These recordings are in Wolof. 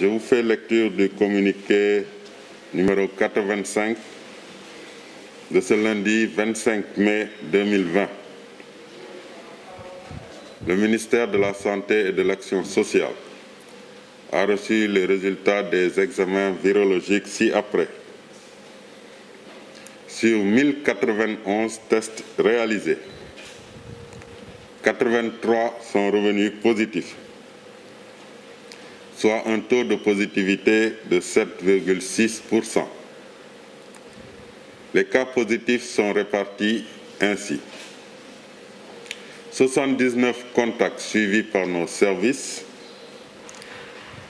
Je vous fais lecture du communiqué numéro 85 de ce lundi 25 mai 2020. Le ministère de la Santé de l'Action sociale a les résultats des examens virologiques ci-après. Sur 1091 tests réalisés, 83 sont revenus positifs. soit un taux de positivité de 7,6%. Les cas positifs sont répartis ainsi. 79 contacts suivis par nos services,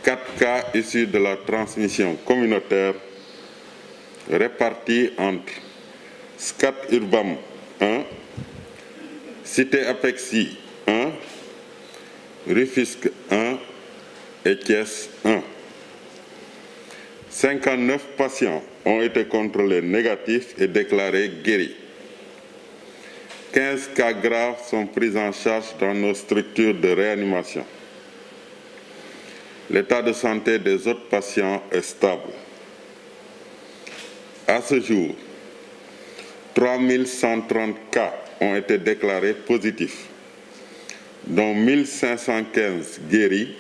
4 cas issus de la transmission communautaire répartis entre SCAT Urbam 1, Cité Apexi 1, Rufisque 1, et Thiès 1. 59 patients ont été contrôlés et déclarés guéris. 15 cas graves sont pris en charge dans nos structures de réanimation. des autres patients est stable. À ce jour, 3130 cas ont été déclarés positifs, dont 1515 guéris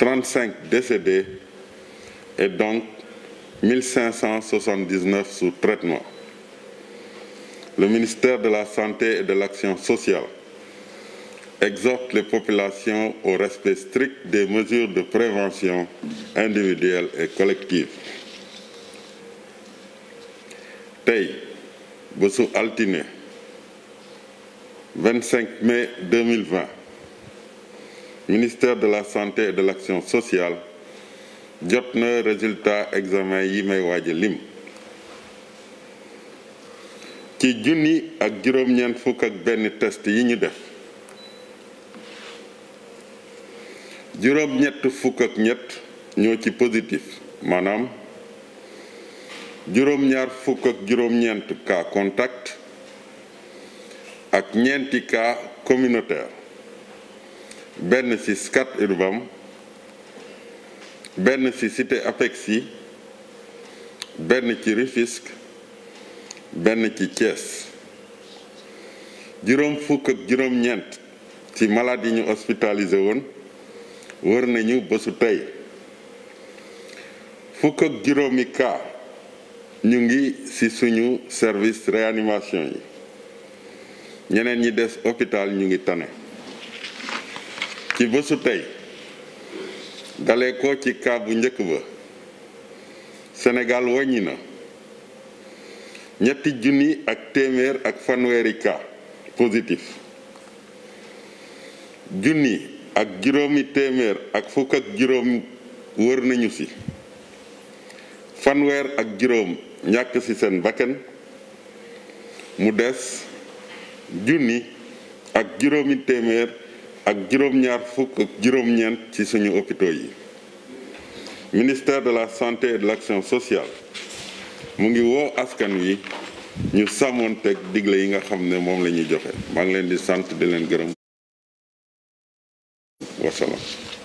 35 décédés et donc 1579 sous traitement. Le ministère de la Santé de l'Action sociale exhorte les au respect des mesures de prévention individuelle et collective. tey bésu altine 25 mai 2020 ministère de la santé et de l'action sociale jot na résultat examen yi may waaj a lim ci junni ak ak benn test yi ñu def juróom-ñett ñoo ci positif maanaam juróom-ñaar ak contact ak ñeenti cas communautaire benn ci Scat Urbam benn ci Cité Apexi benn ci Rufisque benn ci Thiès juróom ci malade yi ñu hospitalisé woon wër nañu bésu tey fukk ak juróomi cas ñu ngi ci suñu service réanimation yi ñeneen ñi des hôpital ñu ngi tane ci bésu tey dalee ko ci cas bu njëkk ba senegal wàññi na ñetti junni ak téeméer ak fanweeri cas positif junni ak juróomi téeméer ak fukk ak juróom wër nañu ci fanweer ak juróom ñàkk ci seen bakken mu des junni ak juróomi téeméer ak juróom-ñaar fukk ci suñu hôpitaux yi ministère de la santé et de l'action sociale mu ngi woo askan wi ñu sàmmoon teg digle yi nga xam ne moom la ñuy joxe maa ngi leen di sant di leen gërëm wasalaam